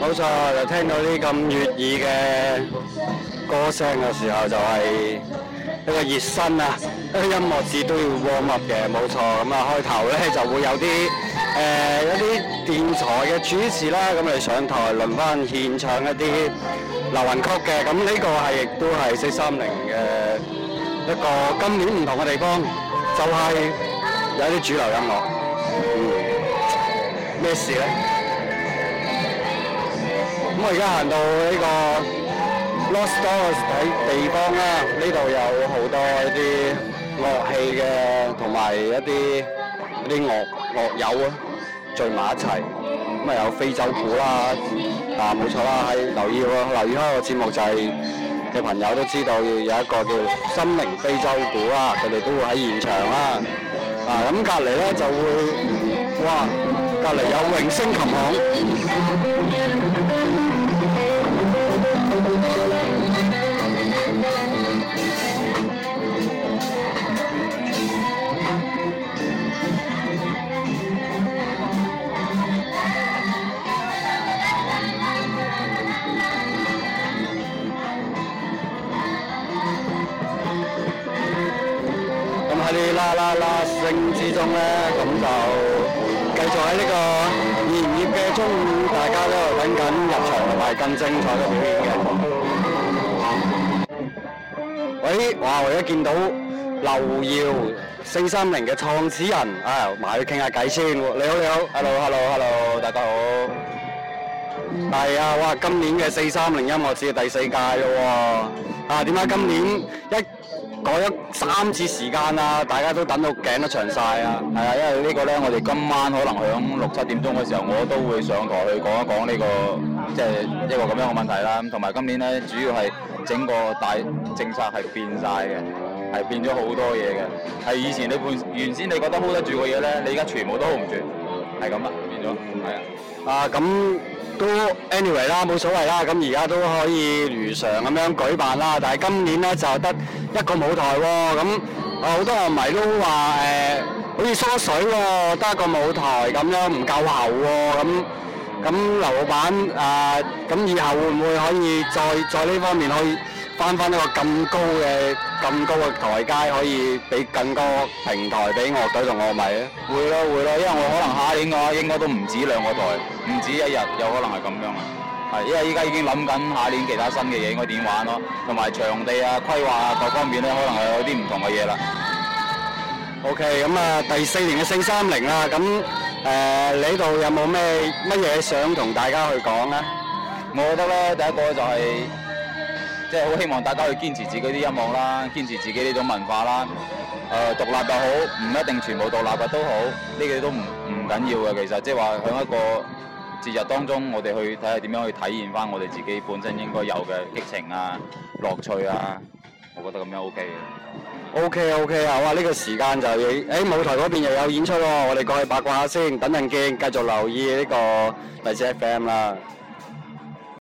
冇錯，就聽到啲咁悅耳嘅歌聲嘅時候，就係、是、一個熱身啊！一個音樂節都要 warm up 嘅，冇錯。咁啊，開頭咧就會有啲誒、呃、一啲電台嘅主持啦，咁嚟上台輪翻獻唱一啲流行曲嘅。咁呢個係亦都係430嘅一個今年唔同嘅地方，就係、是、有啲主流音樂。嗯。咩事咧？咁我而家行到呢個 Lost Doors 喺地方啦、啊，呢度有好多一啲樂器嘅，同埋一啲啲樂樂友啊聚埋一齊，咁啊有非洲鼓啦、啊，啊冇錯啦、啊，喺留意啦，留意開個節目就係、是、嘅朋友都知道要有一個叫《心靈非洲鼓、啊》啦，佢哋都會喺現場啦、啊，啊咁隔離咧就會哇！隔離有永星琴行。咁喺呢啦啦啦聲之中咧，咁就。繼續喺呢個熱熱嘅中午，大家都喺度等緊日場同埋更精彩嘅表演嘅。喂，哇！我而家見到劉遙四三零嘅創始人，啊，埋去傾下偈先。你好，你好 hello，hello hello hello，大家好。係啊，哇！今年嘅四三零音樂節係第四屆咯喎，啊，點解今年一改咗三次時間啊？大家都等到頸都長晒啊！係啊，因為呢個咧，我哋今晚可能響六七點鐘嘅時候，我都會上台去講一講呢個即係一個咁樣嘅問題啦。同埋今年咧，主要係整個大政策係變晒嘅，係變咗好多嘢嘅，係以前你判原先你覺得 hold 得住嘅嘢咧，你而家全部都 hold 唔住，係咁啊！係啊！啊咁都 anyway 啦，冇所謂啦。咁而家都可以如常咁樣舉辦啦。但係今年咧就得一個舞台喎。咁啊好多樂迷都話，誒，好似縮水喎，得一個舞台咁樣唔夠喉喎。咁咁，劉老闆啊，咁以後會唔會可以再在呢方面可以？翻翻呢個咁高嘅咁高嘅台階，可以俾更高平台俾樂隊同樂迷咧。會咯會咯，因為我可能下年嘅話應該都唔止兩個台，唔止一日，有可能係咁樣啊。係，因為依家已經諗緊下年其他新嘅嘢應該點玩咯，同埋場地啊、規劃啊各方面咧，可能係有啲唔同嘅嘢啦。OK，咁啊，第四年嘅430啦，咁誒你度有冇咩乜嘢想同大家去講咧？我覺得咧，第一個就係。即係好希望大家去堅持自己啲音樂啦，堅持自己呢種文化啦。誒、呃，獨立又好，唔一定全部獨立嘅都好，呢個都唔唔緊要嘅。其實即係話喺一個節日當中，我哋去睇下點樣去體驗翻我哋自己本身應該有嘅激情啊、樂趣啊。我覺得咁樣 OK 嘅。OK 啊 OK 啊！哇，呢、這個時間就係誒、欸、舞台嗰邊又有演出喎，我哋過去八卦下先，等陣見，繼續留意呢、這個荔枝 FM 啦。